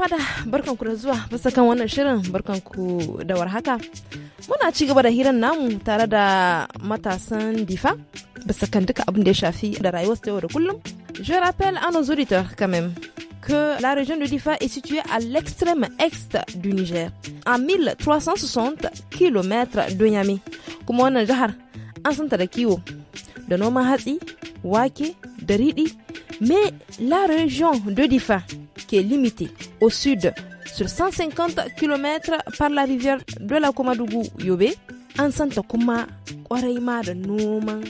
fada barkanku da zuwa bisa kan wannan shirin barkanku da warhaka muna ci gaba da hirar namu tare da matasan difa bisa kan duka abin da ya shafi da rayuwar yau da kullum je rappelle à nos auditeurs quand même que la région de Difa est située à l'extrême est du Niger, à 1360 km de Niamey. Kuma wannan jihar an santa da kiwo, da noman hatsi, wake, da mais la région de Difa qui est limité Au sud, sur 150 km par la rivière de la Komadougou Yobe, en santa kuma de de Nouman, noman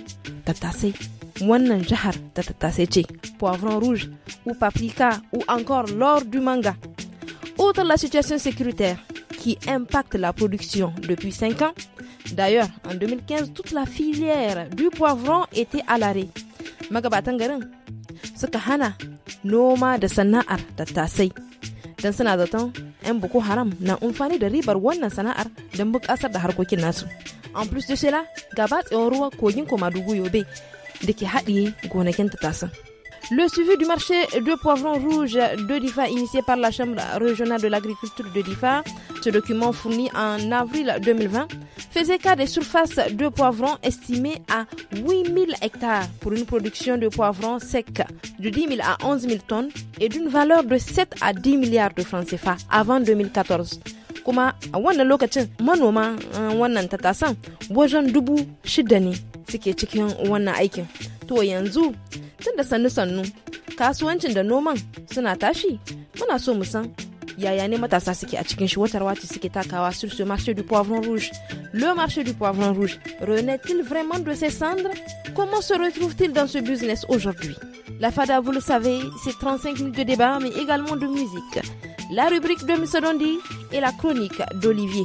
Mwananjahar, poivron rouge ou paprika ou encore l'or du manga. Outre la situation sécuritaire qui impacte la production depuis 5 ans, d'ailleurs en 2015 toute la filière du poivron était à l'arrêt. Magabatan garin noma da sana'ar tattasai don suna zaton 'yan buku haram na amfani da ribar wannan sana'ar don bukasar da harkokin nasu An plus de cela ga batsewan ruwa kogin komadugu yobe da ke haɗiye gonakin tattasan Le suivi du marché de poivrons rouges de DIFA initié par la Chambre régionale de l'agriculture de DIFA, ce document fourni en avril 2020, faisait cas des surfaces de poivrons estimées à 8000 hectares pour une production de poivrons secs de 10 000 à 11 000 tonnes et d'une valeur de 7 à 10 milliards de francs CFA avant 2014 marché du poivron rouge le marché du poivron rouge renaît-il vraiment de ses cendres comment se retrouve-t-il dans ce business aujourd'hui la fada vous le savez c'est 35 minutes de débat mais également de musique la rubrique de Dondi et la chronique d'Olivier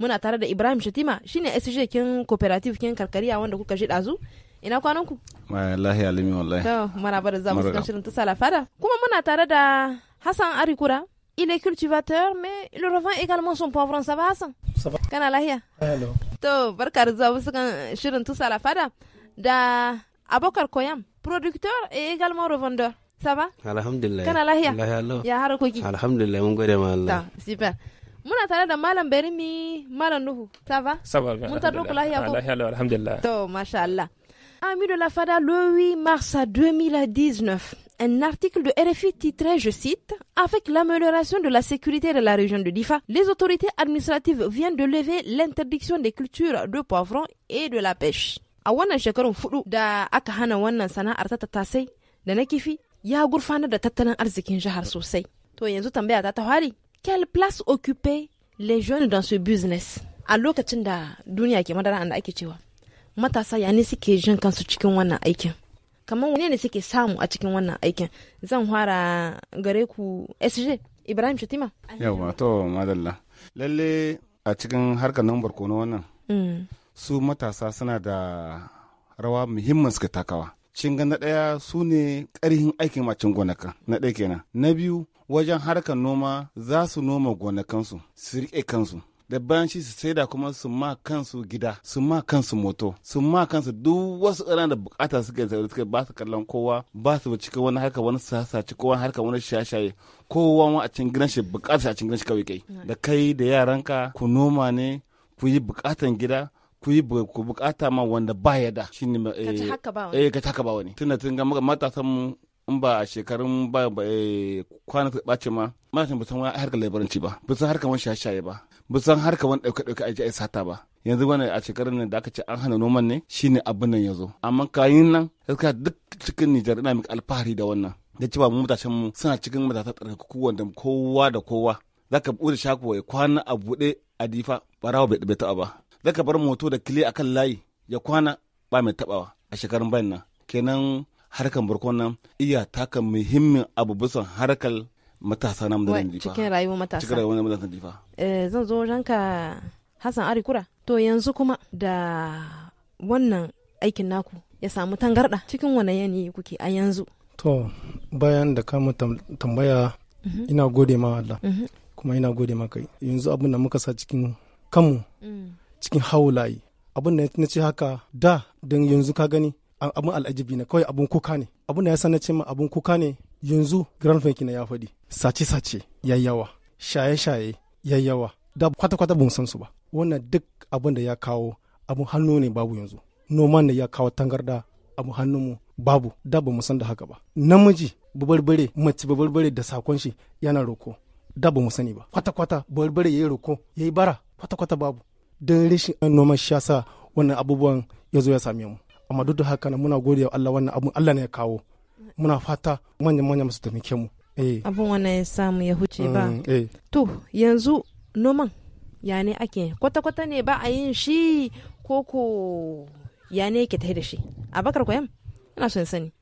muna tare da ibrahim shatima shine sj kin cooperative kin karkariya wanda kuka shi dazu ina kwanan ku wallahi alimi wallahi to maraba za mu cikin shirin ta fara kuma muna tare da hassan arikura il est cultivateur mais il revend également son poivron en savasse ça va kana lahiya hello to barka da zamu cikin shirin tsala fara da abokar koyam producteur et également revendeur ça va alhamdulillah kana lahiya lahiya ya harakoki alhamdulillah mun gode ma Allah super muna tare da malam Berimi malam Nuhu ça va ça va bien ah, alhamdulillah to masha Allah Amis de la FADA, le 8 mars 2019, un article de RFI titré, je cite, Avec l'amélioration de la sécurité de la région de Difa, les autorités administratives viennent de lever l'interdiction des cultures de poivrons et de la pêche. A wannan shakarun fudu da aka hana wannan sana'ar ta tattasai da na kifi ya gurfanar da tattalin arzikin jihar sosai. To yanzu tambaya ta ta hwari, Quelle place occuper les jeunes dans ce business? A lokacin da duniya ke madara da ake cewa, matasa ya ne suke jin kansu cikin wannan aikin? Kamar wani ne suke samu a cikin wannan aikin? Zan fara gare ku SJ Ibrahim Shatima. Yawa to madalla. Lalle a cikin harkar nan barkono wannan. Mm. Su matasa suna da rawa muhimmin suka takawa. cinga na ɗaya su ne ƙarhin aikin macin gonaka na ɗaya kenan na biyu wajen harkar noma za su noma gonakansu su riƙe kansu da bayan shi su saida kuma su ma kansu gida su ma kansu moto su ma kansu duk wasu ƙaran da bukata suka da suka ba su kallon kowa ba su cikin wani harka wani sasace kowa harka wani shashaye kowa ma a cikin gidan shi bukata a cikin gidan shi kawai kai da kai da yaranka ku noma ne ku yi bukatan gida ku yi ku bukata ma wanda ba ya da shine eh, eh ka haka ba wani tunda tun ga matasan mu in ba a shekarun ba eh, kwana ta ɓace ma matasan ba san wani harkar labaranci ba ba san harkar wani shashaye ba ba san harkar wani ɗauke ɗauke a a sata ba yanzu wani a shekarun nan da aka ce an hana noman ne shine abin nan ya amma kayan nan gaskiya duk cikin Nijar ina miki alfahari da wannan da cewa mu matashan mu suna cikin matasan tsarkaku wanda kowa da kowa zaka buɗe shakuwa ya kwana a buɗe a difa rawa bai ba ka bar moto da kile akan layi ya kwana ba mai tabawa a shekarun bayan nan kenan harkan barkon nan iya taka muhimmin abu bisan harkar matasa na madan jifa cikin rayuwar matasa cikin rayuwar madan jifa eh zan zo ranka Hassan Arikura to yanzu kuma da wannan aikin naku ya samu tangarda cikin wani yanayi kuke a yanzu to bayan da ka mu tambaya mhm. ina gode ma Allah mhm. kuma ina gode kai. yanzu abin da muka sa cikin kanmu mm. cikin haulayi abin da na ce haka da don yanzu ka gani abin al'ajibi na kawai abin kuka ne abin da ya sanar na ce ma abin kuka ne yanzu grand fanki na ya faɗi sace sace yayyawa shaye shaye yayyawa da kwata kwata mu san su ba wannan duk abin da ya kawo abin hannu ne babu yanzu noma da ya kawo tangarda abin mu babu da ba mu san da haka ba namiji babarbare mace babarbare da sakon shi yana roko da ba mu sani ba kwata kwata babarbare yayi roko yayi bara kwata kwata babu don rashin noman shi wannan abubuwan ya zo ya same mu amma duk da haka na muna gode wa Allah wannan abun Allah ne ya kawo muna fata manyan manyan masu taimake mu eh. abun wannan ya samu ya huce ba mm, eh. to yanzu noman ya ne ake kwata-kwata ne ba a yin shi ko ko ya ne ke tafi da shi a bakar koyan ina son sani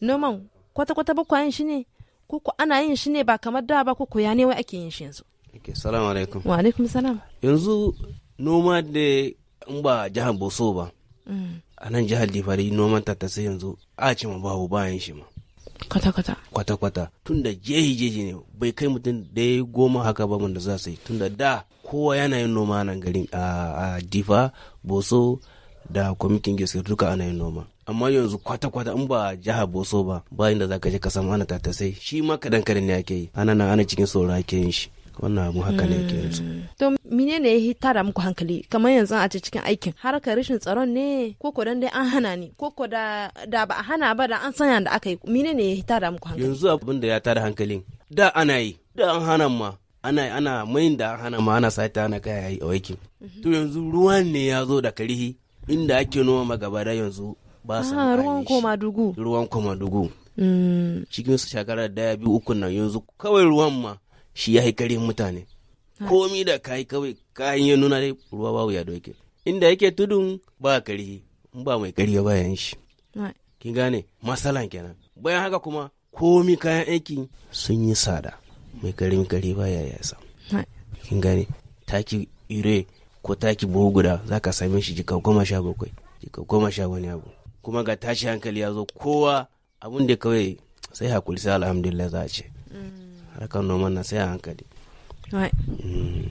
noman kwata-kwata ba yin shi ne ko ko ana yin shi ne ba kamar da ba ko ko ya ne wai ake yin shi yanzu Okay, salamu alaikum. Wa alaikum salam. Yanzu noma da in ba jihar boso ba mm. a nan jihar difari noman sai yanzu a ce ma babu bayan shi ma kwata-kwata kwata-kwata tun da jeji-jeji ne bai kai mutum da ya goma haka ba da za su yi tun da da kowa yana yin noma nan garin a difa boso da kwamitin gaske duka ana yin noma amma yanzu kwata-kwata in ba jihar boso ba bayan da za ka je ka samu ana tattasai shi ma kadan kadan ne ake yi ana na ana cikin sauro ake shi wannan abu haka ne ke yanzu. Hmm. To mine ne ya tara muku hankali kamar yanzu a cikin aikin harkar rashin tsaron ne ko ko dan dai an hana ne ko ko da ba a hana ba da an sanya da aka yi mine ne ya tara muku hankali. Yanzu abin da ya tara hankalin da ana yi da an hana ma ana ana mayin da an hana ma ana sata ana kai a aikin. Mhm. To yanzu ruwan ne ya zo da karihi inda ake noma magabara yanzu ba su ah, ruwan koma dugu. Ruwan koma dugu. Hmm. Cikin su shakarar daya biyu uku nan yanzu kawai ruwan ma shi ya haikare mutane komi da kai kawai kayan ya nuna dai ruwa babu ya doke inda yake tudun ba kari in ba mai karya bayan shi ki gane masalan kenan bayan haka kuma komi kayan aiki sun yi sada mai kari mai kari baya ya sa kin gane taki ire ko taki buhu guda za ka same shi jikau goma sha bakwai jikau goma sha wani abu kuma ga tashi hankali ya zo kowa abin da kawai sai hakuri sai alhamdulillah za a ce mm. harkar noman na sai a hankali mm.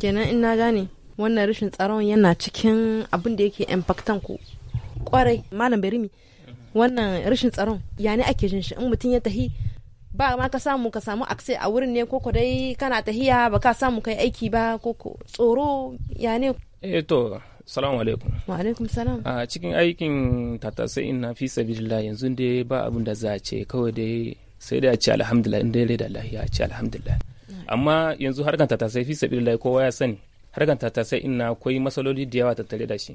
kenan in na gane wannan rashin tsaron yana cikin abin da yake impactan ku kwarai malam berimi wannan rashin tsaron ya ne ake jin shi in mutum ya tahi ba ma ka samu ka samu akse a wurin ne koko dai kana tahiya ba ka samu kai aiki ba koko tsoro ya ne eh to salamu alaikum wa alaikum salam a cikin aikin tatasai na fi sabilillah yanzu dai ba abin da za a ce kawai dai sai dai ya ce alhamdulillah in dai da lahiya ya ce alhamdulillah amma yanzu har kan tatasai fi sabilillah kowa ya sani Har kan tatasai ina akwai masaloli da yawa tattare da shi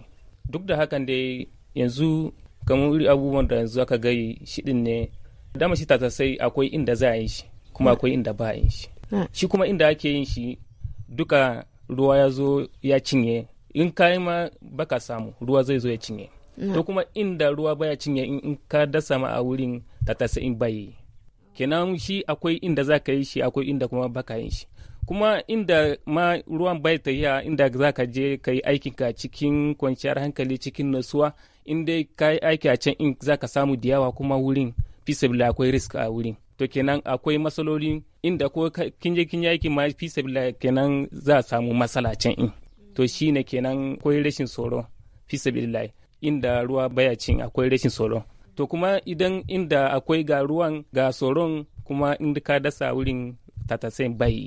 duk da hakan dai yanzu kamar abubuwan da yanzu aka gai shiɗin ne dama shi tatasai akwai inda za a yi shi kuma akwai inda ba a yi shi shi kuma inda ake yin shi duka ruwa ya zo ya cinye in kai ma baka samu ruwa zai zo ya cinye to kuma inda ruwa baya cinye in ka dasa ma a wurin tatasai in bai kenan shi akwai inda za ka yi shi akwai inda kuma baka yin shi kuma inda ma ruwan bai tafiya inda za ka je ka yi aikinka cikin kwanciyar hankali cikin nasuwa inda ka yi aiki a can in za ka samu da yawa kuma wurin fisabila akwai risk a wurin to kenan akwai matsaloli inda ko kin je kin yi aiki ma fisabila kenan za a samu matsala can in to shine kenan akwai rashin tsoro fisabila inda ruwa baya cin akwai rashin tsoro to kuma idan inda akwai ga ruwan ga tsoron kuma inda ka dasa wurin tatasen bai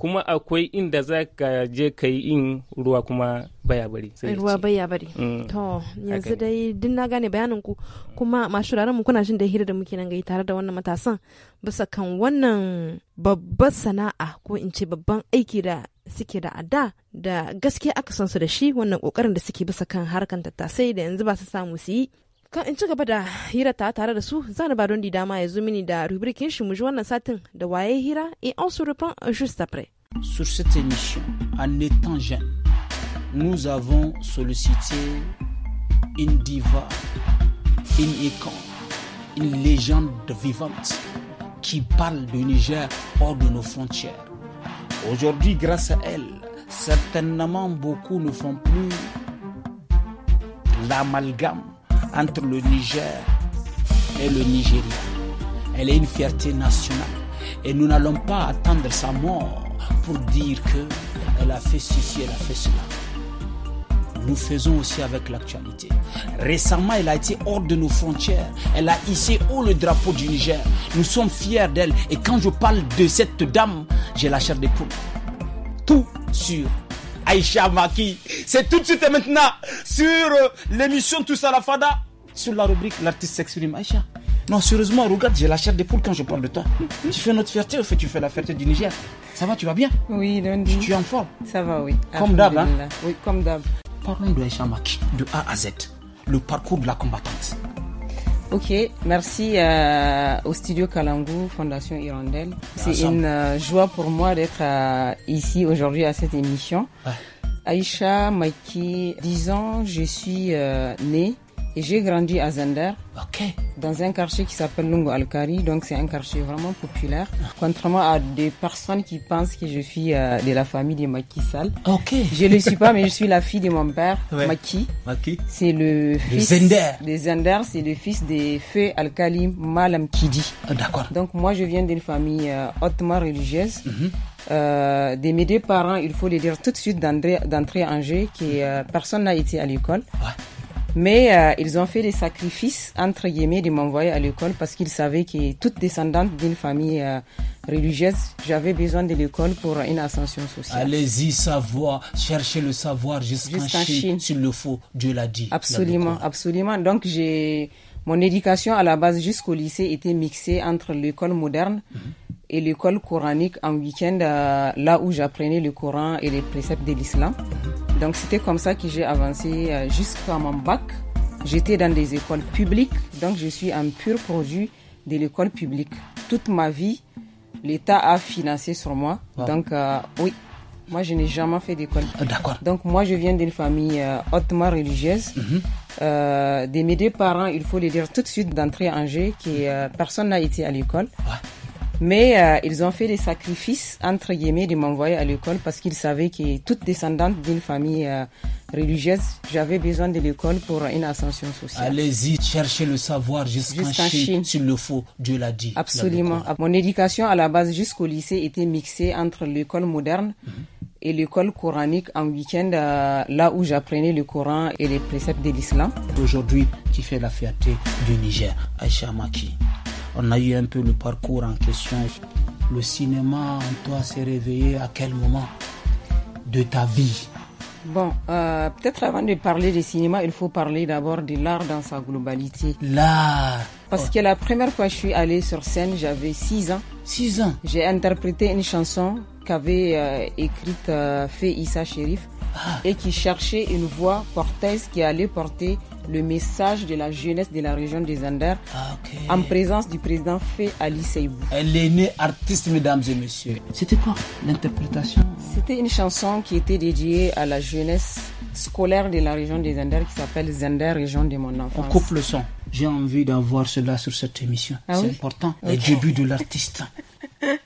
kuma akwai inda za ka je ka yi in ruwa kuma baya bari ruwa baya bari mm. to yanzu dai duk na gane bayanin ku kuma masu mu kuna jin da hira da muke nan gai tare da wannan matasan bisa kan wannan babban sana'a ko in ce babban aiki da suke da ada da gaskiya aka san su da shi wannan kokarin da suke bisa kan harkan tattasai da yanzu ba su samu su yi et on se reprend juste après sur cette émission en étant jeune nous avons sollicité une diva une icône une légende vivante qui parle du Niger hors de nos frontières aujourd'hui grâce à elle certainement beaucoup ne font plus l'amalgame entre le Niger et le Nigeria. Elle est une fierté nationale. Et nous n'allons pas attendre sa mort pour dire qu'elle a fait ceci, elle a fait cela. Nous faisons aussi avec l'actualité. Récemment, elle a été hors de nos frontières. Elle a hissé haut le drapeau du Niger. Nous sommes fiers d'elle. Et quand je parle de cette dame, j'ai la chair des poules. Tout sur Aïcha Maki. C'est tout de suite et maintenant sur euh, l'émission Tous à la Fada, sur la rubrique L'artiste s'exprime. Aïcha. Non, sérieusement, regarde, j'ai la chair des poules quand je parle de toi. Tu fais notre fierté, au fait, tu fais la fierté du Niger. Ça va, tu vas bien Oui, non, tu, tu es en forme Ça va, oui. Comme d'hab, hein? Oui, comme d'hab. Parlons de Aïcha Maki, de A à Z, le parcours de la combattante. Ok, merci euh, au studio Kalangu, Fondation Hirondelle. Ah, C'est une euh, joie pour moi d'être euh, ici aujourd'hui à cette émission. Aïcha Maiki, 10 ans, je suis née et j'ai grandi à Zender, dans un quartier qui s'appelle Lungo Alkari, donc c'est un quartier vraiment populaire. Contrairement à des personnes qui pensent que je suis euh, de la famille des Macky Sall. Je ne le suis pas, mais je suis la fille de mon père, Maki. Maki. C'est le fils de Zender. Des Zender, c'est le fils des fées Alkali Malam Kidi. Ah, d'accord. Donc moi, je viens d'une famille euh, hautement religieuse. Mhm. Euh, de mes deux parents, il faut les dire tout de suite d'entrée en jeu que euh, personne n'a été à l'école. Ouais. Mais euh, ils ont fait des sacrifices, entre guillemets, de m'envoyer à l'école parce qu'ils savaient que toute descendante d'une famille euh, religieuse, j'avais besoin de l'école pour une ascension sociale. Allez-y, savoir, chercher le savoir jusqu'en Chine, s'il le faut, Dieu l'a dit. Absolument, absolument. Donc j'ai mon éducation à la base jusqu'au lycée était mixée entre l'école moderne. Mhm et l'école coranique en week-end, euh, là où j'apprenais le Coran et les préceptes de l'islam. Donc c'était comme ça que j'ai avancé euh, jusqu'à mon bac. J'étais dans des écoles publiques, donc je suis un pur produit de l'école publique. Toute ma vie, l'État a financé sur moi. Ah. Donc euh, oui, moi je n'ai jamais fait d'école. Ah, d'accord. Donc moi je viens d'une famille hautement religieuse. Mhm. de mes deux parents, il faut le dire tout de suite d'entrée en jeu, que personne n'a été à l'école. Mais euh, ils ont fait des sacrifices, entre guillemets, de m'envoyer à l'école parce qu'ils savaient que toute descendante d'une famille euh, religieuse, j'avais besoin de l'école pour une ascension sociale. Allez-y, cherchez le savoir jusqu'en jusqu Chine, Chine. s'il le faut, Dieu l'a dit. Absolument. Mon éducation à la base jusqu'au lycée était mixée entre l'école moderne mhm. et l'école coranique en week-end, euh, là où j'apprenais le Coran et les préceptes de l'islam. Aujourd'hui, qui fait la fierté du Niger, Aïcha Maki on a eu un peu le parcours en question. Le cinéma en toi s'est réveillé à quel moment de ta vie Bon, euh, peut-être avant de parler du cinéma, il faut parler d'abord de l'art dans sa globalité. L'art Parce que la première fois que je suis allée sur scène, j'avais 6 ans. 6 ans J'ai interprété une chanson qu'avait euh, écrite euh, Fé Issa ah. et qui cherchait une voix portaise qui allait porter le message de la jeunesse de la région des Anders ah, en présence du président Fé Ali Seibou. Elle est née artiste, mesdames et messieurs. C'était quoi l'interprétation C'était une chanson qui était dédiée à la jeunesse scolaire de la région des Anders qui s'appelle Zender, région de mon enfance. On coupe le son. J'ai envie d'avoir cela sur cette émission. Ah C'est important. Le début de l'artiste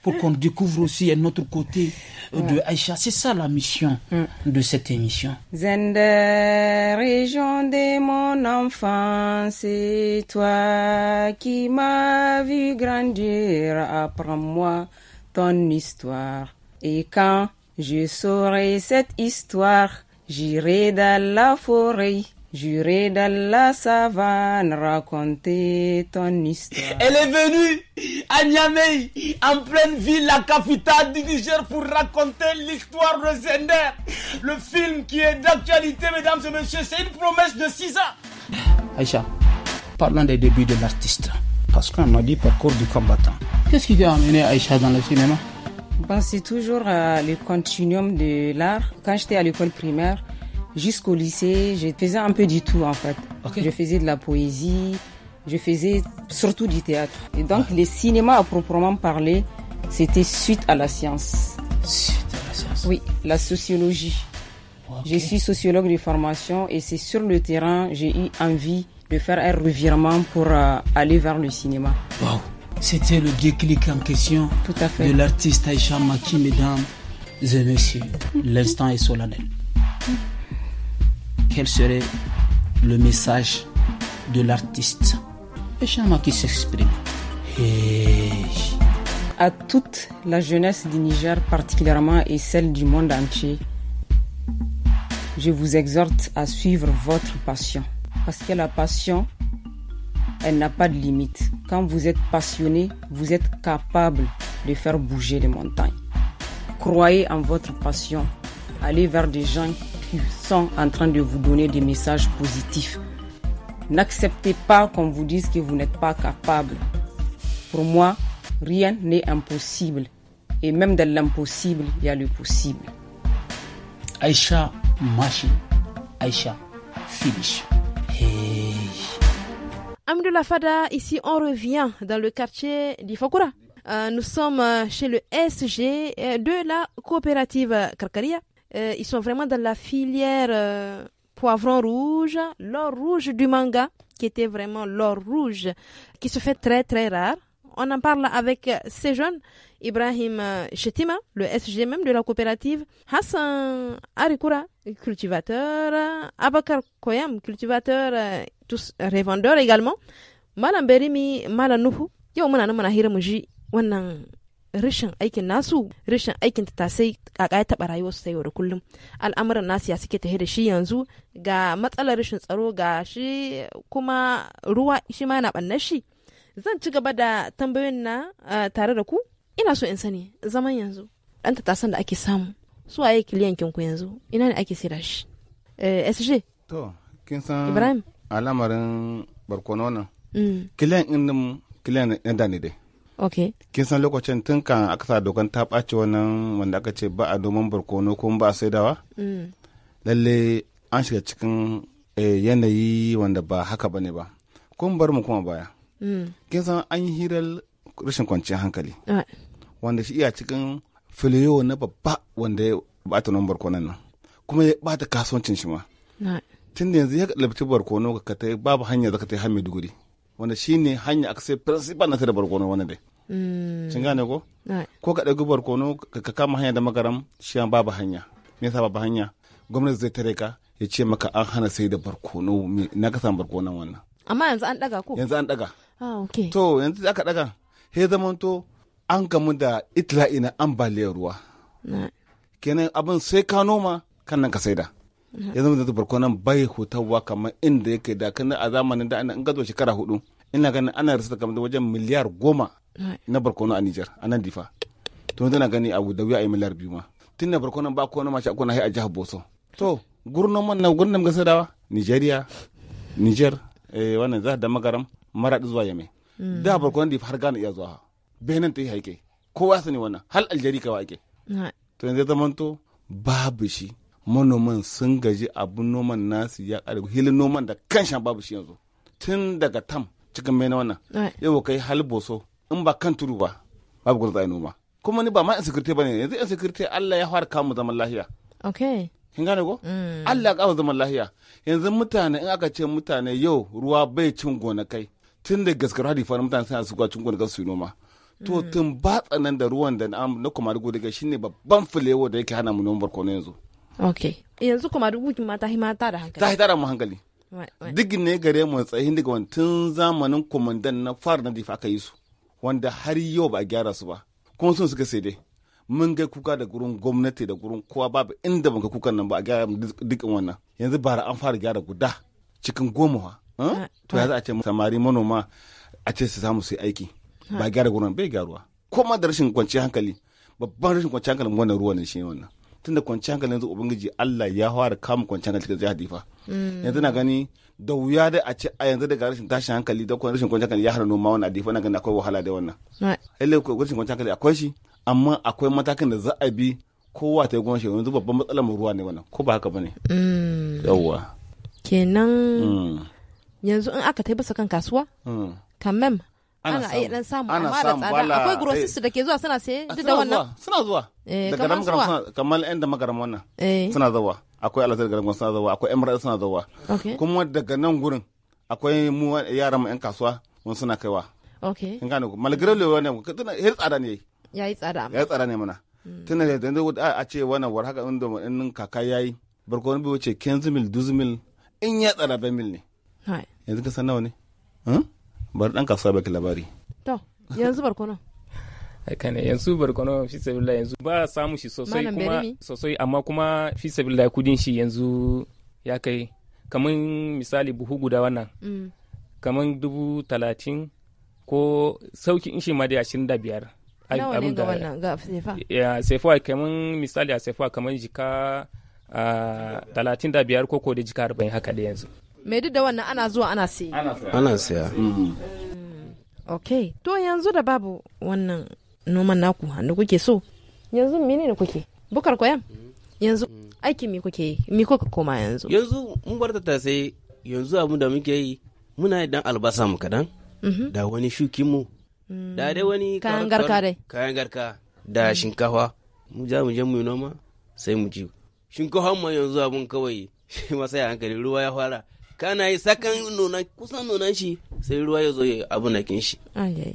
pour qu'on découvre aussi un autre côté de Aïcha. C'est ça la mission mm. de cette émission. Zender, région de mon enfance, c'est toi qui m'as vu grandir. Apprends-moi ton histoire. Et quand je saurai cette histoire, j'irai dans la forêt Juré dans la savane, raconter ton histoire. Elle est venue à Niamey, en pleine ville, la capitale du Niger, pour raconter l'histoire de Zender. Le film qui est d'actualité, mesdames et messieurs, c'est une promesse de 6 ans. Aïcha, parlons des débuts de l'artiste. Parce qu'on a dit parcours du combattant. Qu'est-ce qui t'a amené Aïcha dans le cinéma Bon, c'est toujours euh, le continuum de l'art. Quand j'étais à l'école primaire, Jusqu'au lycée, je faisais un peu du tout en fait. Je faisais de la poésie, je faisais surtout du théâtre. Et donc le cinéma à proprement parler, c'était suite à la science. Suite à la science Oui, la sociologie. Je suis sociologue de formation et c'est sur le terrain j'ai eu envie de faire un revirement pour euh, aller vers le cinéma. Wow. C'était le déclic en question Tout à fait. de l'artiste Aïcha Maki, mesdames et messieurs. L'instant est solennel quel serait le message de l'artiste moi qui s'exprime. À toute la jeunesse du Niger particulièrement et celle du monde entier, je vous exhorte à suivre votre passion. Parce que la passion, elle n'a pas de limite. Quand vous êtes passionné, vous êtes capable de faire bouger les montagnes. Croyez en votre passion. Allez vers des gens sont en train de vous donner des messages positifs. N'acceptez pas qu'on vous dise que vous n'êtes pas capable. Pour moi, rien n'est impossible. Et même dans l'impossible, il y a le possible. Aïcha machine. Aïcha, finish. Hey. Amdoula Fada, ici on revient dans le quartier d'Ifakura. Euh, nous sommes chez le SG de la coopérative Karkaria. Euh, ils sont vraiment dans la filière euh, poivron rouge, l'or rouge du manga, qui était vraiment l'or rouge, qui se fait très très rare. On en parle avec ces jeunes, Ibrahim Chetima, euh, le SG même de la coopérative, Hassan Arikura, cultivateur, Abakar Koyam, cultivateur, tous revendeurs également, Malam Berimi, Yo, Mona, rashin aikin nasu rashin aikin ta sai kaka ya taba rayuwarsu ta yau da kullum al'amuran nasu ya suke tafi da shi yanzu ga matsalar rashin tsaro ga shi kuma ruwa shi ma yana bannar shi zan ci gaba da tambayoyin na eh, tare da ku ina so in sani zaman yanzu dan tasan da ake samu su waye kiliyan ku yanzu ina ne ake saida shi eh, sg to kin san ibrahim al'amarin barkonona kiliyan mm. ɗin kiliyan na da dai ok kin san lokacin tun kan aka sa dogon ta ɓace wannan wanda aka ce ba a domin barkono ko ba a saidawa mm. lalle an shiga cikin eh, yanayi wanda ba haka bane ba kun bar mu kuma baya mm. kin san an yi hirar rashin kwanciyar hankali wanda shi iya cikin filiyo na babba wanda ya ɓata nan barkonon nan kuma ya bata kasuwancin shi ma tun da yanzu ya labci barkono ka ta babu hanya zaka ta yi har maiduguri wanda shine hanya aka sai principal na ta da barkono wannan dai Cin mm. gane ko ko ka ɗauki barkono ka kama hanya da magaram shi babu hanya me yasa babu hanya gwamnati zai tare ka ya ce maka an hana sai da barkono na ka samu barkonon wannan amma yanzu an daga ko yanzu an daga ah, to yanzu aka daga he to an gamu da itila'i na ambaliyar ruwa kenan abin sai ka noma kan nan ka saida ya zama da barkonan bai hutawa kamar inda yake da kan a zamanin da an gazo shekara hudu ina ganin ana rasa kamar wajen miliyar goma na barkono a Nijar a nan difa to na gani abu da wuya a miliyar biyu ma tun da barkonan ba ko na mashi akwai na a jihar Boso to gurnan man na gurnan gasa dawa Nigeria Niger eh wannan za da magaram Mara zuwa yame. Mm. da barkonan difa har gane iya zuwa benin ta yi haike kowa sani wannan hal aljeri kawai ake to yanzu zamanto babu shi manoman sun gaji abun noman nasu ya kare hilin noman da shan babu shi yanzu tun daga tam cikin mai na wannan yau kai hal boso in ba kan tudu ba babu gudu zai noma kuma ni ba ma insecurity bane yanzu insecurity Allah ya fara kamu zaman lahiya okay kin gane ko mm. Allah ya kawo zaman lahiya yanzu mutane in aka ce mutane yau ruwa bai cin gonakai tun da gaskar hadi fara mutane suna zuwa cin gonakai su noma to mm. tun ba tsanan da ruwan da na kuma rigo daga shine babban filewo da yake hana mu noman barkono yanzu ok yanzu kuma rubutun mata hima ta da hankali ta hi mu hankali Duk ne gare mu tsayi daga wani tun zamanin kwamandan na fara na difa aka yi su wanda har yau ba a gyara su ba kuma sun suka sai dai mun ga kuka da gurin gwamnati da gurin kowa babu inda mun ga kukan nan ba a gyara dukkan wannan yanzu bara an fara gyara guda cikin goma to ya za a ce samari manoma a ce su samu su yi aiki ba gyara gurin bai gyaruwa kuma da rashin kwanciyar hankali babban rashin kwanciyar hankali wannan ruwa ne shi wannan tunda kwanciyar hankali yanzu ubangiji Allah ya fara kama kwanciyar hankali cikin jihar Difa yanzu na gani da wuya dai a ce a yanzu daga rashin tashin hankali da kuma rashin kwanciyar hankali ya hana noma wannan Difa na gani akwai wahala da wannan lalle rashin kwanciyar hankali akwai shi amma akwai matakin da za a bi kowa ta goma shi yanzu babban matsalar mu ruwa ne wannan ko ba haka ne. Mm. yawwa kenan mm. yanzu in aka taibasa kan kasuwa mm. kamem ana dan samu amma da tsada eh. da ke zuwa suna zuwa eh, daga nan suna kamar yan da magaram eh. suna zuwa akwai alazar garamu suna zuwa akwai suna zuwa kuma daga nan gurin akwai mu yaran mu kasuwa suna kaiwa okay gane ne tsada ne yayi tsada yayi tsada ne tana hmm. da a ce wannan war haka kaka yayi barkon bi wuce 15 mil mil in ya mil ne bar dan kasuwa baki labari to yanzu barkono haka ne yanzu barkono fi sabila yanzu ba samu shi sosai kuma sosai amma kuma fi sabila kudin shi yanzu ya kai kamar misali buhu guda wannan mm. kamar dubu talatin ko sauki in shi ma da ashirin da biyar ne ga wannan ga sefa ya sefa kamar misali a sefa kamar jika ah, talatin da biyar ko ko da jika arba'in haka da yanzu mai duk da wannan ana zuwa ana siya ana siya mm-hmm. mm. ok to yanzu da babu wannan noman naku hannu kuke so yanzu mene ne kuke bukar koyan yanzu aiki mi kuke mi kuka koma yanzu yanzu mun bar ta sai yanzu abu da muke yi muna yi dan albasa mu kadan mm-hmm. da wani shukin mu da dai mm. wani kayan garka dai kayan garka da mm. shinkafa mu za mu je mu noma sai mu ji. shinkafa mu yanzu abun kawai shi masaya hankali ruwa ya fara kana yi sakan nuna kusan nuna shi sai ruwa ya zo ya abu na kin shi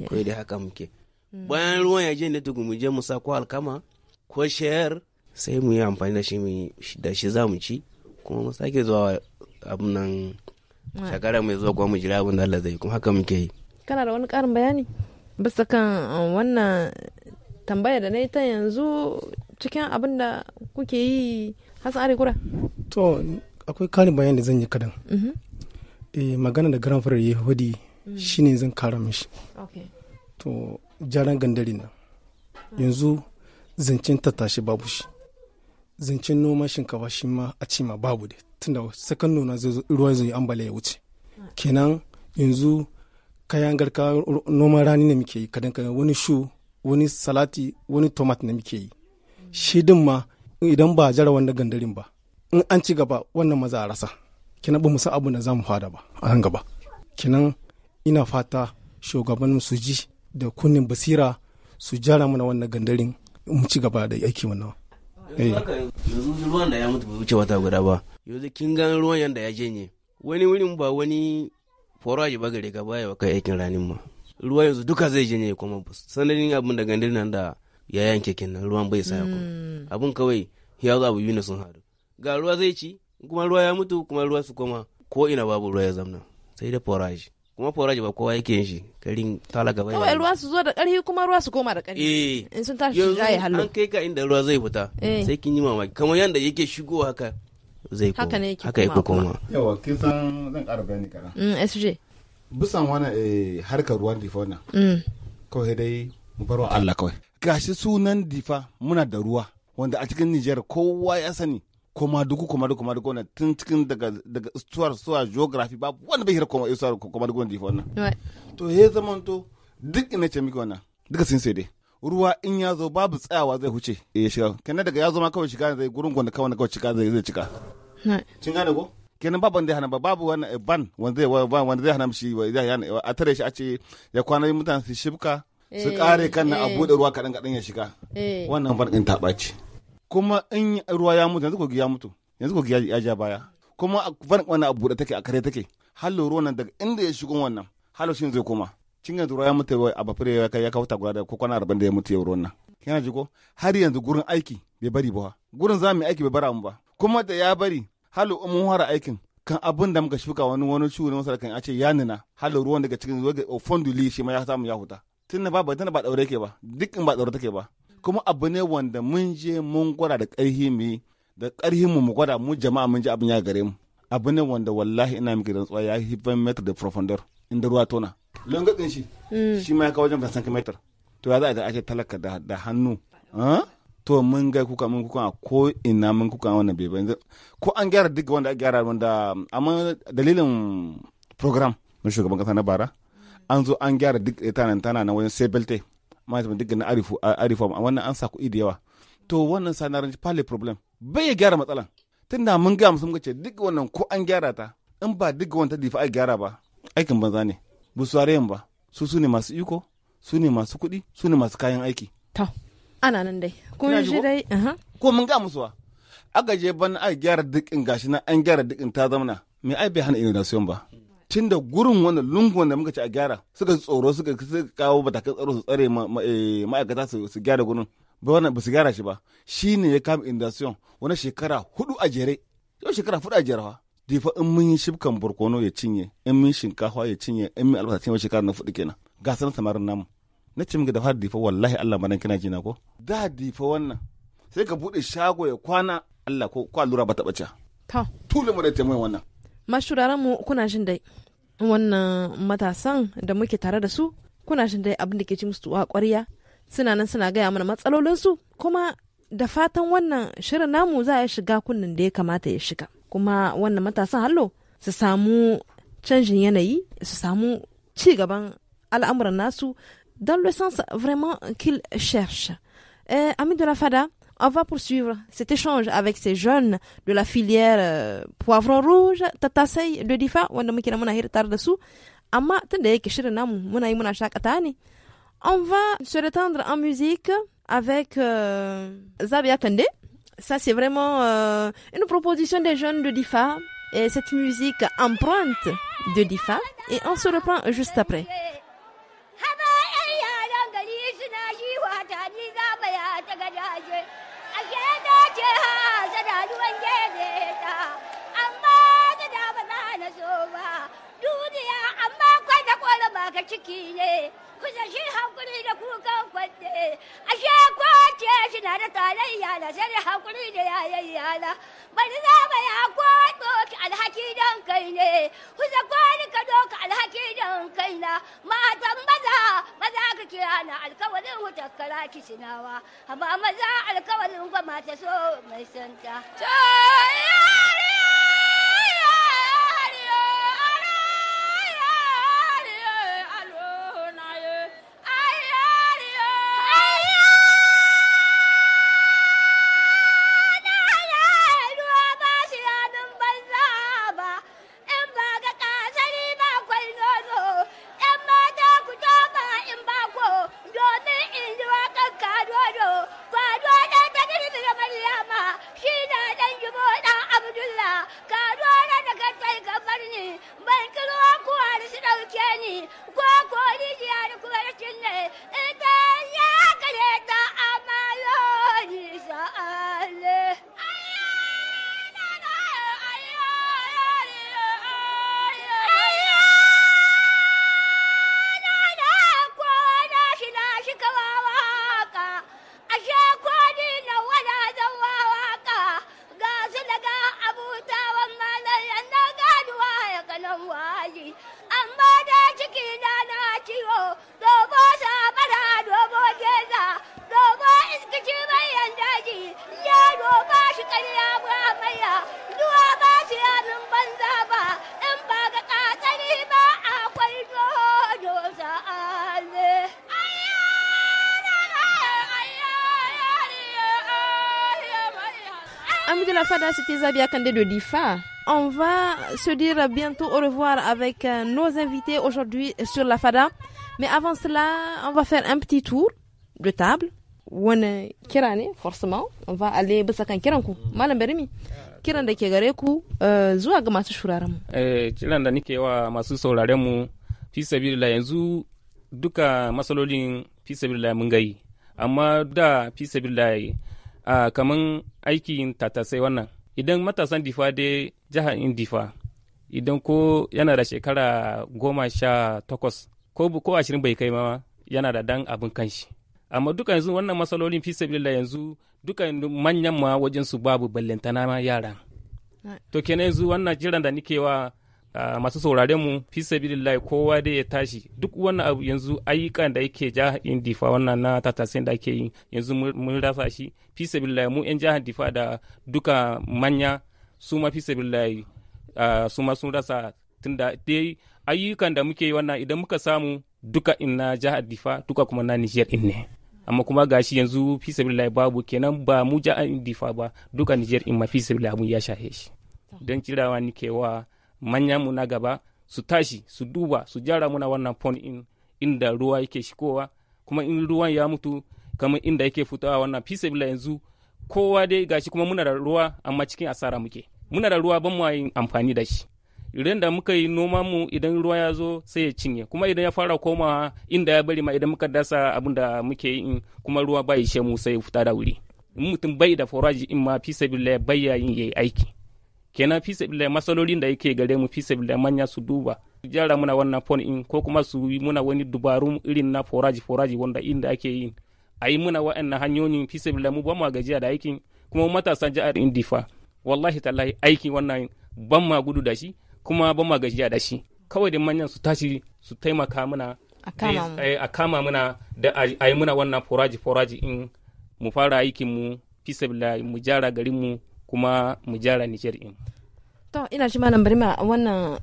ko da haka muke hmm. bayan ruwan ya je ne tugu mu je mu sa ko alkama ko shayar sai mu yi amfani da shi da shi za mu ci kuma mu sake zuwa abu nan hmm. shakara mai zuwa kuma mu jira abin da Allah zai kuma haka muke yi kana da wani karin bayani bisa kan uh, wannan tambaya da na yi ta yanzu cikin abin da kuke yi hasan arekura to akwai karin bayan da zan yi kadan mm-hmm. eh magana da garan farar yahudi mm. shine zan kara mishi to jaran gandari nan mm. yanzu zancen tattashi babu shi zancen noma shinkafa shi ma a cima babu da tunda sakan nuna ruwa zai ambala ya wuce mm. kenan yanzu kayan garka noman rani ne muke yi kadan kadan wani shu wani salati wani tomat na muke yi shi din ma idan ba jara wanda gandarin ba in an ci gaba wannan maza a rasa Kina ba musa abu da za mu fada ba a nan gaba kinan ina fata shugaban su ji da kunnin basira su jara mana wannan gandarin mu ci gaba da aiki wannan eh. yanzu ruwan da ya mutu bai wuce wata guda ba yanzu kin gan ruwan yanda ya janye wani wurin ba wani foraji ba gare ka baya wa kai aikin ranin ma ruwan yanzu duka zai janye kuma sanadin abin da gandarin nan da ya yanke kenan ruwan bai saya kuma hmm. abin kawai ya zo abu yi sun haɗu ga ruwa zai ci kuma ruwa ya mutu kuma ruwa su koma ko ina babu ruwa ya zamna sai da forage kuma forage ba kowa yake yin shi karin talaga bai kawai ruwa su zo da ƙarfi kuma ruwa su koma da eh in sun tashi shiga ya hallo an kai ka inda ruwa zai fita eh. sai kin yi mamaki kamar yanda yake shigo haka zai haka ne yake haka yake koma yawa kin san zan ƙara bayani kana mm sj bisan wani eh, harkar ruwan difa wannan mm. kawai dai mu bar wa Allah kawai gashi sunan difa muna da ruwa wanda a cikin Nijar kowa ya sani koma duku koma duku koma duku wannan tun cikin daga daga istuwar suwa geography ba wanda bai hira koma istuwar eh, koma dugu wanda wannan to ya zama to duk ina ce miki wannan duka sun sai dai ruwa in ya zo babu tsayawa zai huce eh, ya shiga kenan daga ya zo ma kawai shiga zai gurin gwanda kawai na kawai shiga zai zai cika kin gane ko kenan babu wanda ya hana ba babu wani eh, ban wanda zai wanda zai hana a tare shi a ce ya kwana mutane su shibka su kare kan a bude ruwa kaɗan kaɗan ya shiga wannan ban ɗin taɓa ce kuma in ruwa ya mutu yanzu kogi ya mutu yanzu kogi ya ja baya kuma a farin wannan a buɗe take a kare take hallo ruwan nan daga inda ya shigo wannan hallo shi zai koma cin ruwa ya mutu a bafire ya kai ya kawo tagura da ko kwana arba'in da ya mutu ya ruwan nan kina ji ko har yanzu gurin aiki bai bari ba gurin za mu aiki bai bara mu ba kuma da ya bari hallo mun fara aikin kan abin da muka shuka wani wani ciwo na masara a ce ya nuna hallo ruwan daga cikin zuwa ga fonduli shi ma ya samu ya huta tun ba ba tun ba daure ke ba duk in ba daure take ba kuma abu ne wanda mun je mun gwada da ƙarhi mu da ƙarhi mu mu gwada mu jama'a mun ji abin ya gare mu abu ne wanda wallahi ina miki rantsuwa ya yi ban de profondeur. profondor inda ruwa tona longatsin shi mm. shi ma ya kawo wajen ban san metar to ya za a ake talaka da hannu to mun ga kuka mun kuka ko ina mun kuka wannan bai bai ko an gyara duk wanda a gyara wanda amma dalilin program na shugaban kasa na bara an zo an gyara duk ita tana na wajen sebelte management duk na arifu arifu wannan an sa kuɗi da yawa to wannan sanarin pale problem bai ya gyara matsalan tunda mun ga musu muka ce duk wannan ko an gyara ta in ba duk wanda difa ai gyara ba aikin banza ne bu ba su su ne masu iko su ne masu kuɗi su ne masu kayan aiki to ana nan dai kun shi dai ko mun ga musu wa aka je ban ai gyara dukkan gashi na an gyara dukkan ta zamana me ai bai hana irin nasiyon ba tun da gurin wannan lungun da muka ci a gyara suka tsoro suka kawo matakan tsaro su tsare eh, ma'aikata su gyara gurin ba wannan ba su gyara shi ba shi ne ya kama indasiyon wani shekara hudu a jere yau shekara hudu a jere fa difa in mun yi shibkan barkono ya cinye in mun shinkafa ya cinye in mun albasa cinye shekara na fudu kenan gasar samarin namu na ce muka da fara difa wallahi Allah madan kina jina ko da difa wannan sai ka bude shago ya kwana Allah ko ko lura ba taɓa ca. to tule mu da taimai wannan mu kuna jin dai wannan matasan da muke tare da su kuna jin dai abin da ke ci musu a ƙwarya suna nan suna gaya mana matsalolin su kuma da fatan wannan shirin namu za ya shiga kunnen da ya kamata ya shiga kuma wannan matasan hallo su samu canjin yanayi su samu ci gaban al'amuran nasu don le sens vraiment qu'il cherche. eh amis on va poursuivre cet échange avec ces jeunes de la filière euh, poivron rouge Tatasei de difa amma on va se détendre en musique avec euh, Zabia Tende. ça c'est vraiment euh, une proposition des jeunes de difa et cette musique empreinte de difa et on se reprend juste après ciki ne kusa shi hakuri da kukan kwanne ashe kwace shi na da tarayya na sai hakuri da yayayya na bari za ba ya ko doki alhaki dan kai ne kusa kwani ka doka alhaki dan kai na matan maza maza ka kira na alkawalin hutakkara ki sinawa amma maza alkawalin ba mata so mai santa. Ta de la Fada, c'était Zabia Kandé de Difa. On va se dire bientôt au revoir avec euh, nos invités aujourd'hui sur la Fada. Mais avant cela, on va faire un petit tour de table. On est forcément on va aller bisa kan kiran ku malam berimi kiran da ke gare ku euh, zuwa ga masu shuraren mu eh kiran nike wa masu sauraren mu fi sabilillah yanzu duka masalolin fi sabilillah mun gai amma da fi sabilillah a kaman aikin tatasai wannan idan matasan difa dai jihar indifa idan ko yana da shekara goma sha takwas ko ko ashirin bai kai ma yana da dan abin kanshi amma duka yanzu wannan matsalolin fi da yanzu duka manyan ma wajen su babu ballantana ma yara to kenan yanzu wannan jiran da nike wa masu saurare mu fi sabilillahi kowa dai ya tashi duk wannan abu yanzu ayyukan da yake jihar difa wannan na tatasin da ake yi yanzu mun rasa shi fi sabilillahi mu yan jihar difa da duka manya su ma fi sabilillahi su ma sun rasa tun da dai ayyukan da muke yi wannan idan muka samu duka in na jihar difa duka kuma na nijiyar in ne amma kuma gashi yanzu fi sabilillahi babu kenan ba mu jihar difa ba duka nijiyar in ma fi sabilillahi mu ya shahe shi don kirawa nike wa manya mu na gaba su tashi su duba su jara muna wannan pond in inda ruwa yake shigowa kuma in ruwan ya mutu kamar inda yake fitowa wannan fisabila yanzu kowa dai gashi kuma muna da ruwa amma cikin asara muke muna da ruwa ban mu yin amfani da shi idan da muka yi noma mu idan ruwa ya zo sai ya cinye kuma idan ya fara koma inda ya bari ma idan muka dasa abin da muke yi kuma ruwa bai ishe mu sai fita da wuri mutum bai da foraji in ma fi sabila bai yayin yayi aiki kenan fisa sabila masalolin da yake gare mu fisa sabila manya su duba gyara muna wannan fon in ko kuma su yi muna wani dubaru irin na foraji foraji wanda inda ake yi a yi muna wa'annan hanyoyin fisa sabila mu ba mu gajiya da aikin kuma matasan jihar indifa wallahi tallahi aiki wannan ban ma gudu da shi kuma ban ma gajiya da shi kawai da manyan su tashi su taimaka muna a kama eh, eh, muna da a yi muna wannan foraji foraji in mu fara aikin mu fisa sabila mu gyara garin mu kuma mu jara Nijar in. To ina shi malam bari ma wannan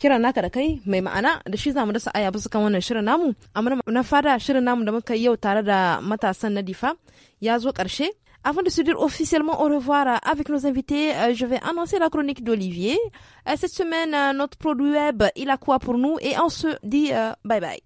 kira naka da kai mai ma'ana da shi zamu dasa aya bisa kan wannan shirin namu amma na fada shirin namu da muka yi yau tare da matasan na difa ya zo karshe Avant de se dire officiellement au revoir avec nos invités, euh, je vais annoncer la chronique d'Olivier. Euh, cette semaine, euh, notre produit web, il a quoi pour nous et on se dit bye bye.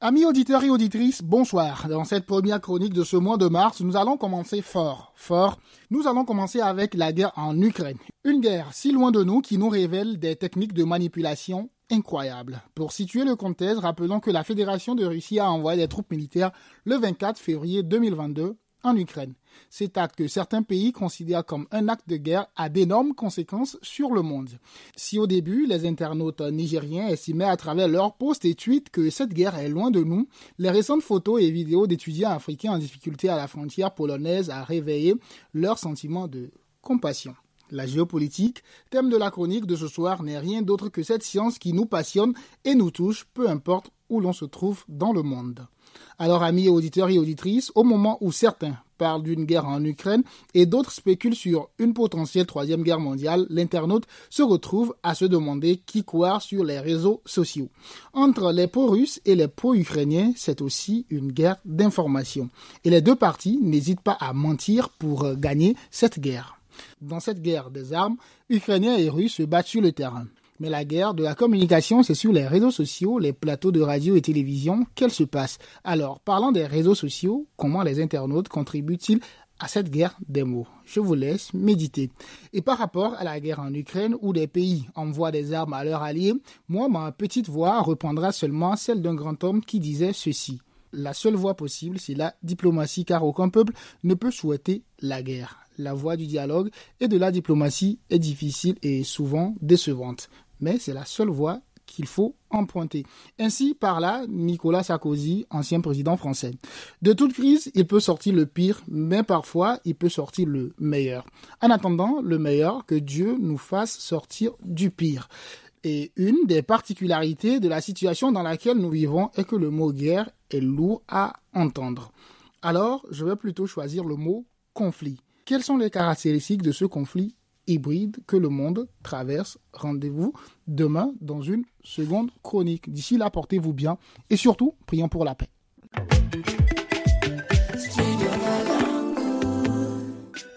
Amis auditeurs et auditrices, bonsoir. Dans cette première chronique de ce mois de mars, nous allons commencer fort, fort. Nous allons commencer avec la guerre en Ukraine. Une guerre si loin de nous qui nous révèle des techniques de manipulation incroyables. Pour situer le contexte, rappelons que la Fédération de Russie a envoyé des troupes militaires le 24 février 2022 en Ukraine. Cet acte que certains pays considèrent comme un acte de guerre a d'énormes conséquences sur le monde. Si au début, les internautes nigériens estimaient à travers leurs posts et tweets que cette guerre est loin de nous, les récentes photos et vidéos d'étudiants africains en difficulté à la frontière polonaise a réveillé leur sentiment de compassion. La géopolitique, thème de la chronique de ce soir, n'est rien d'autre que cette science qui nous passionne et nous touche, peu importe où l'on se trouve dans le monde. Alors amis auditeurs et auditrices, au moment où certains parlent d'une guerre en Ukraine et d'autres spéculent sur une potentielle troisième guerre mondiale, l'internaute se retrouve à se demander qui croire sur les réseaux sociaux. Entre les pro-russes et les pro-ukrainiens, c'est aussi une guerre d'information. Et les deux parties n'hésitent pas à mentir pour euh, gagner cette guerre. Dans cette guerre des armes, Ukrainiens et Russes se battent sur le terrain. Mais la guerre de la communication, c'est sur les réseaux sociaux, les plateaux de radio et télévision qu'elle se passe. Alors, parlant des réseaux sociaux, comment les internautes contribuent-ils à cette guerre des mots. Je vous laisse méditer. Et par rapport à la guerre en Ukraine où des pays envoient des armes à leurs alliés, moi, ma petite voix reprendra seulement celle d'un grand homme qui disait ceci. La seule voie possible, c'est la diplomatie, car aucun peuple ne peut souhaiter la guerre. La voie du dialogue et de la diplomatie est difficile et souvent décevante mais c'est la seule voie qu'il faut emprunter. Ainsi parla Nicolas Sarkozy, ancien président français. De toute crise, il peut sortir le pire, mais parfois il peut sortir le meilleur. En attendant, le meilleur, que Dieu nous fasse sortir du pire. Et une des particularités de la situation dans laquelle nous vivons est que le mot guerre est lourd à entendre. Alors, je vais plutôt choisir le mot conflit. Quelles sont les caractéristiques de ce conflit hybride que le monde traverse. Rendez-vous demain dans une seconde chronique. D'ici là, portez-vous bien et surtout, prions pour la paix.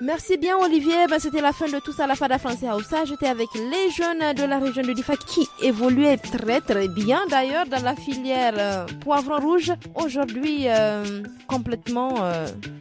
Merci bien Olivier, ben, c'était la fin de tout ça, la Fada Français ça. J'étais avec les jeunes de la région de Difa qui évoluaient très très bien d'ailleurs dans la filière poivre euh, poivron rouge. Aujourd'hui euh, complètement euh,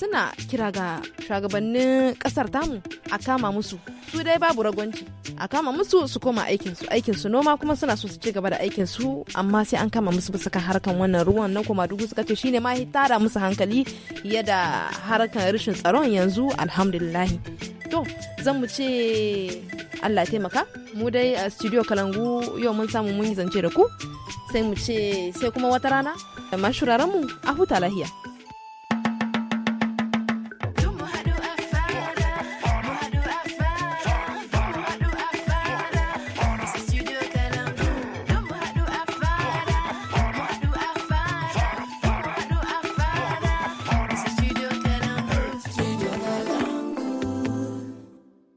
suna kira ga shugabannin kasar tamu a kama musu su dai babu ragwanci a kama musu su koma aikinsu aikinsu noma kuma suna so su ci gaba da aikin su amma sai an kama musu bisa harkan wannan ruwan nan kuma duk suka ce shine ma tara musu hankali yadda da harkan rashin tsaron yanzu alhamdulillahi to zan mu ce Allah taimaka mu dai a studio kalangu yau mun samu mun yi zance da ku sai mu ce sai kuma wata rana da shuraran mu a huta lahiya